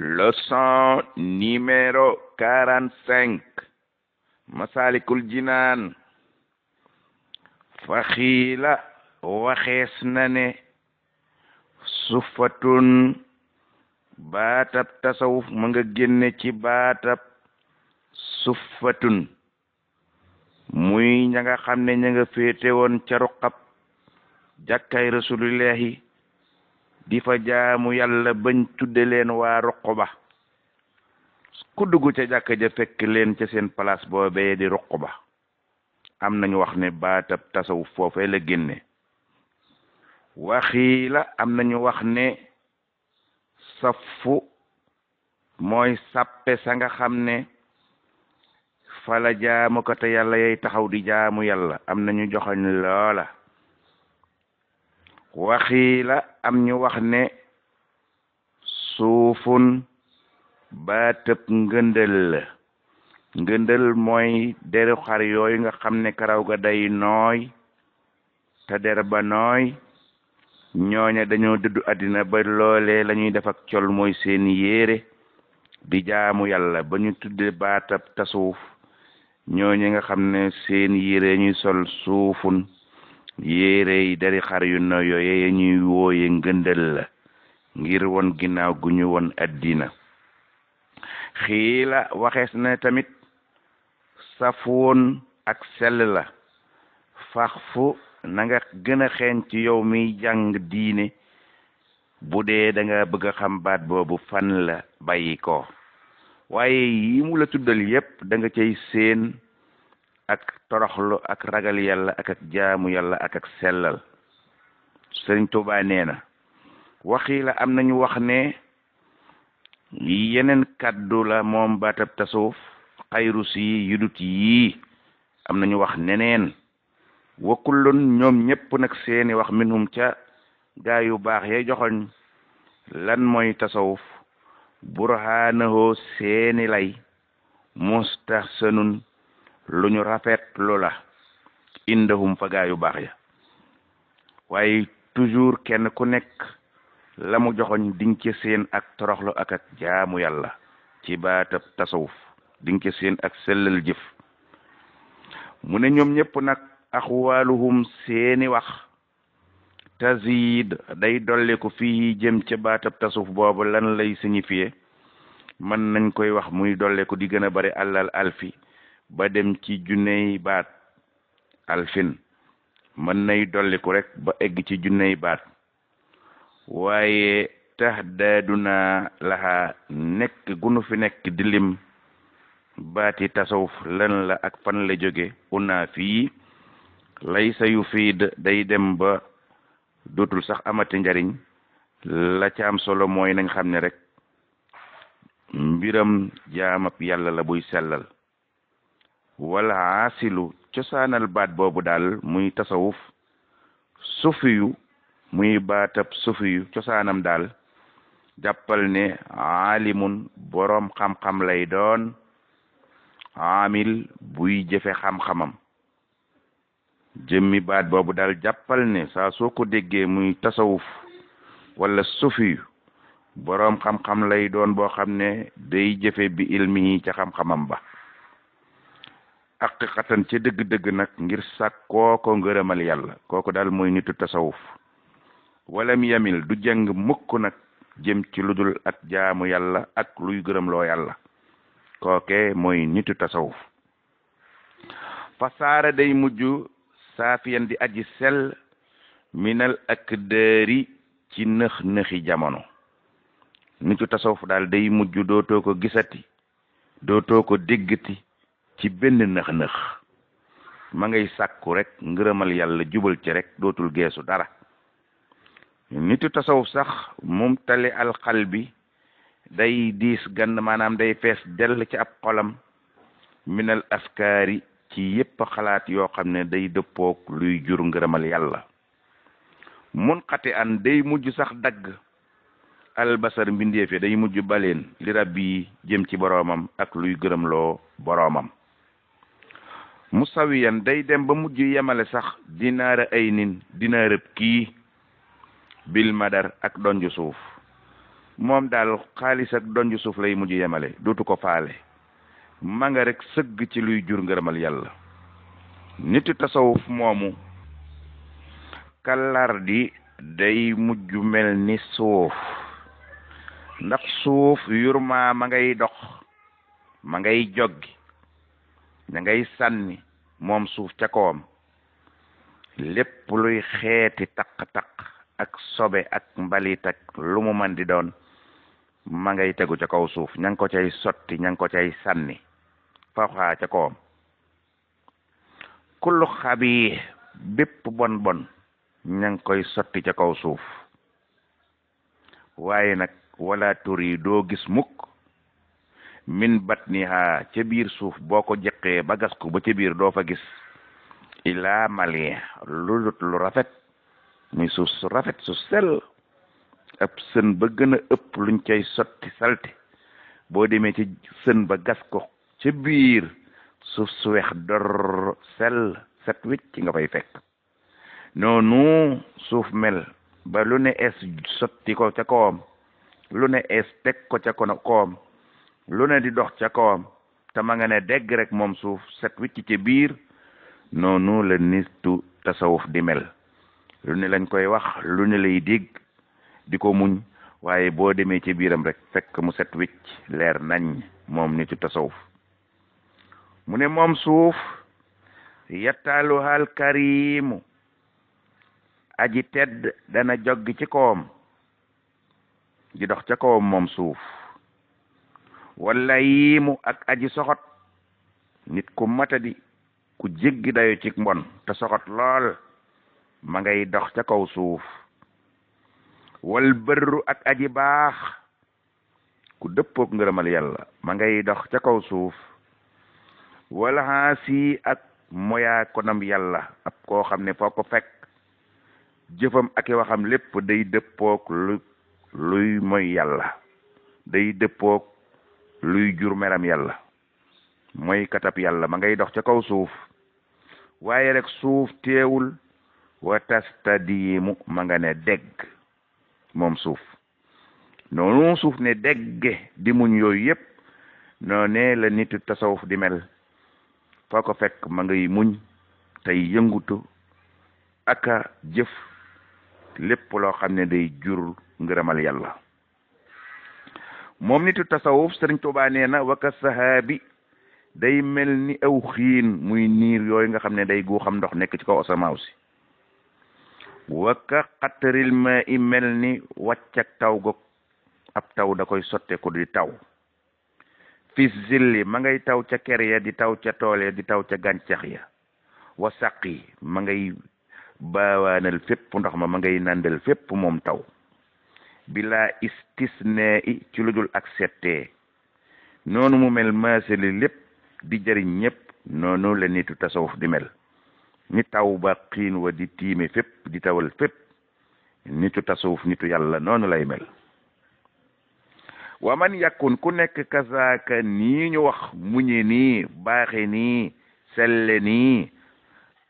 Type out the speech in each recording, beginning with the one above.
leçon numéro quarante-cinq masalikul jinaan faxiila waxees na ne sufatun baatab tasawuf ma nga génne ci baatab sufatun muy ña nga xam ne ña nga féete woon ca ruqab jàkkay rasulillahi di fa jaamu yàlla bañ tudde leen waa Ruqba ku dugg ca jàkka ja fekk leen ca seen place boobee di ba am nañu wax ne baatab tasawuf foofee la génne waxii la am ñu wax ne safu mooy sàppe sa nga xam ne fala jaamu ko te yàlla yay taxaw di jaamu yàlla am nañu joxañ loola waxiila am ñu wax ne suufun baatëb ngëndël ngëndël mooy deru xar yooyu nga xam ne karaw ga day nooy te der ba nooy ñooñe dañoo dëddu àddina ba loole lañuy ñuy def ak col mooy seen yére di jaamu yàlla ba ñu tudde baatab tasuuf ñooña nga xam ne seen yére ñuy sol suufun yére yi dari xar yu no yooye ñuy wooye ngëndël la ngir won ginnaaw gu ñu won addina xiila waxees na tamit safoon ak sell la fax fu na nga gën a xeeñ ci yow miy jàng diine bu dee danga bëgg a xam baat boobu fan la bàyyi ko waaye yi mu la tuddal yépp da nga cay ak toroxlu ak ragal yàlla ak ak jaamu yàlla ak ak sellal sëriñ Tuubaa nee na waxii la am nañu wax ne yeneen kàddu la moom baatab tasawuf xayrus yi yudut yii am na ñu wax neneen wa kullun ñoom ñépp nag seeni wax minhum ca gaa yu baax yay joxoñ lan mooy tasawuf burhaanahoo seeni lay mustahsanun lu ñu rafet loola indahum fa gaa yu baax ya waaye toujours kenn ku nekk la mu joxoñ diñ ci seen ak toroxlu ak ak jaamu yàlla ci baatab tasawuf diñ ci seen ak sellal jëf mu ne ñoom ñëpp nag axwaaluhum seeni wax tazid day dolli ko fii jëm ca baatab tasawuf boobu lan lay signifier mën nañ koy wax muy dolli ko di gën a bari àllal alfi ba dem ci junney baat alfin mën nay dolliku rek ba egg ci junney baat waaye tax na laxaa nekk gunu fi nekk di lim baati tasawuf lan la ak fan la jóge una fii lay sayu yu day dem ba dootul sax amati njariñ la ca am solo mooy nañ xam ne rek mbiram jaamab yàlla la buy sellal wala asilu cosaanal baat boobu daal muy tasawuf sufiyu muy baatab sufiyu cosaanam daal jàppal ne aalimun boroom xam-xam lay doon amil buy jëfe xam-xamam jëmmi baat boobu daal jàppal ne saa soo ko déggee muy tasawuf wala sufiyu boroom xam-xam lay doon boo xam ne day jëfe bi ilmi yi ca xam-xamam ba haqiqatan ca dëgg-dëgg nag ngir sàkkoo ko ngërëmal yàlla kooku daal mooy nitu tasawuf walam yamil du jeng mukk nag jëm ci lu dul ak jaamu yàlla ak luy gërëm loo yàlla kooke mooy nitu tasawuf fasaara day mujj saafiyan di aji sel minal ak dëri ci nëx nëxi jamono nitu tasawuf daal day mujj dootoo ko gisati dootoo ko déggati ci benn nëx-nëx ma ngay sàkku rekk ngërëmal yàlla jubal ci rekk dootul geesu dara nitu tasawuf sax moom tali alxal bi day diis gann maanaam day fees dell ci ab xolam minal askaari ci yépp xalaat yoo xam ne day dëppook luy jur ngërëmal yàlla mun xati an day mujj sax dagg albasar mbindeefe day mujj baleen li rab bi jëm ci boroomam ak luy gërëm loo boroomam mu musawiyan day dem ba mujj yemale sax dinaara ay nin dinaarëb kii bil madar ak donju suuf moom daal xaalis ak donju suuf lay mujj yemale dootu ko faale ma nga rek sëgg ci luy jur ngërëmal yàlla nitu tasawuf moomu kàllar di day mujj mel ni suuf ndax suuf yurmaa ma ngay dox ma ngay joggi da ngay sànni moom suuf ca kawam lépp luy xeeti taq-taq ak sobe ak mbalit ak lu mu man di doon ma ngay tegu ca kaw suuf ña ngi ko cay sotti ña ngi ko cay sànni fawxaa ca kawam kullu xabiix bépp bon bon ña ngi koy sotti ca kaw suuf waaye nag wala tur doo gis mukk min batniha ca biir suuf boo ko jeqee ba gas ko ba ca biir doo fa gis ilaa mali lu lut lu rafet muy suuf su rafet su sel ab ëpp luñ cay sotti salte boo demee ci sën ba gas ko ca biir suuf su weex dor sel set wicc ci nga fay fekk noonu suuf mel ba lu ne es sotti ko ca koom lu ne es teg ko ca koom lu ne di dox ca kawam te ma nga ne dégg rekk moom suuf set wicc ci biir noonu la nitu tasawuf di mel lu ne lañ koy wax lu ne lay dégg di ko muñ waaye boo demee ci biiram rek fekk mu set wicc leer nañ moom nitu tasawuf mu ne moom suuf yattaaluhal kariimu aji tedd dana jog ci kawam di dox ca kawam moom suuf wala yiimu ak aji soxot nit ku matadi ku jéggi dayo ci mbon te soxot lool ma ngay dox ca kaw suuf wal bërru ak aji baax ku dëppook ngërëmal yàlla ma ngay dox ca kaw suuf wala xaasi ak moyaa konam yàlla ab koo xam ne foo fekk jëfam ak waxam lépp day dëppook luy moy yàlla day dëppook luy jur meram yàlla mooy katab yàlla ma ngay dox ca kaw suuf waaye rek suuf teewul wa tastadiimu ma nga ne dégg moom suuf noonu suuf ne dégge di muñ yooyu yépp noonee la nitu tasawuf di mel foo ko fekk ma ngay muñ tey yëngutu aka jëf lépp loo xam ne day jur ngërëmal yàlla moom nitu tasawuf sëriñ Tuubaa nee na waka sahaabi day mel ni aw xiin muy niir yooyu nga xam ne day gu xam ndox nekk ci kaw asamaaw si waka xattaril ma i mel ni wàccak taw goog ab taw da koy sotteeku di taw fis zilli ma ngay taw ca ker ya di taw ca tool ya di taw ca gàncax ya wa saq yi ma ngay baawaanal fépp ndox ma ma ngay nàndal fépp moom taw bila istisne i ci lu dul accepté noonu mu mel maasali lépp di jariñ ñëpp noonu la nitu tasawuf di mel ni taw ba xiin wa di tiime fépp di tawal fépp nitu tasawuf nitu yàlla noonu lay mel wa man yàkkun ku nekk kasaaka nii ñu wax muñe nii baaxe nii selle nii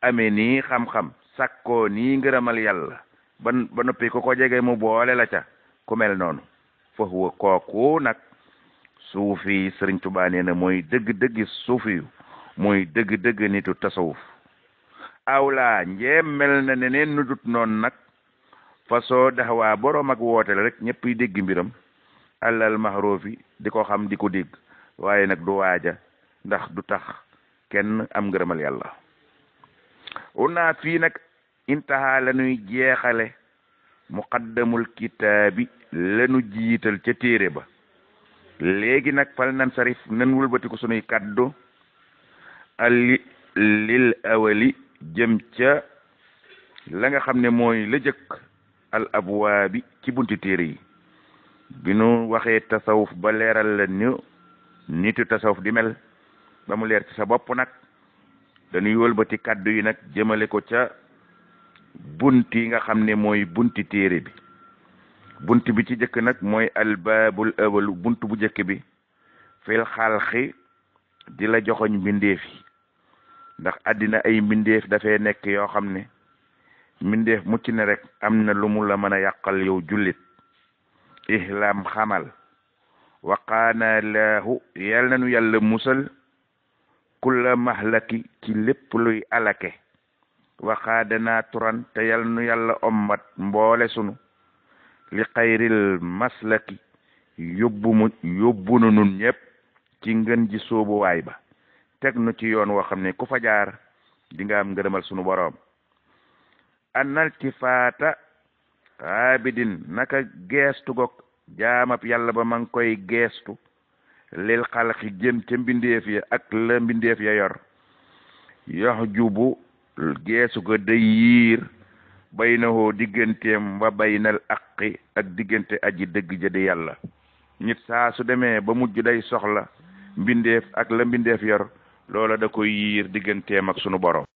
ame nii xam-xam sakkoo nii ngërëmal yàlla ba ba noppi ku ko jege mu boole la ca ku mel noonu fa huwa kooku nag suufi sëriñ Tuubaa nee na mooy dëgg-dëgg suufi mooy dëgg-dëgg nitu tasawuf awla njee mel na ne neen nudut noonu nag façon daxawaa boroom ak woote rek ñëpp yi dégg mbiram alal maxroofi di ko xam di ko dégg waaye nag du waaja ndax du tax kenn am ngërëmal yàlla una fii nag intaha la jeexale muqaddamul kitaabi lanu jiital ca téere ba léegi nag fal nan sarif nan wëlbati ko sunuy kàddu alli lil awali jëm ca la nga xam ne mooy la jëkk al abwaabi ci bunti téere yi bi waxee tasawuf ba leeral la ñu nitu tasawuf di mel ba mu leer ci sa bopp nag dañuy wëlbati kàddu yi nag jëmale ko ca bunt yi nga xam ne mooy bunti téere bi bunt bi ci jëkk nag mooy albaabul awalu bunt bu jëkk bi fil xalxi di la joxoñ mbindeef yi ndax àddina ay mbindéef dafa nekk yoo xam ne mbindeef mucc ne rek am na lu mu la mën a yàqal yow jullit ihlam xamal waqaana laahu yal nanu yàlla musal kula mahlaki ci lépp luy alake waxaadanaa turan te yal nu yàlla ommat mboole sunu li xayril maslaki yóbbu mu yóbbu nu nun ñépp ci ngën ji sóobuwaay ba teg nu ci yoon woo xam ne ku fa jaar di nga am ngërëmal ci boroom analtifaata abidin naka geestu gog jaamab yàlla ba ma koy geestu lil xalxi jëm ca mbindeef ya ak la mbindeef ya yor yox jubu geesu ko day yiir baynahoo digganteem wa baynal aqi ak diggante aji dëgg ja di yàlla nit saa su demee ba mujj day soxla mbindeef ak la mbindeef yor loola da koy yiir digganteem ak sunu borom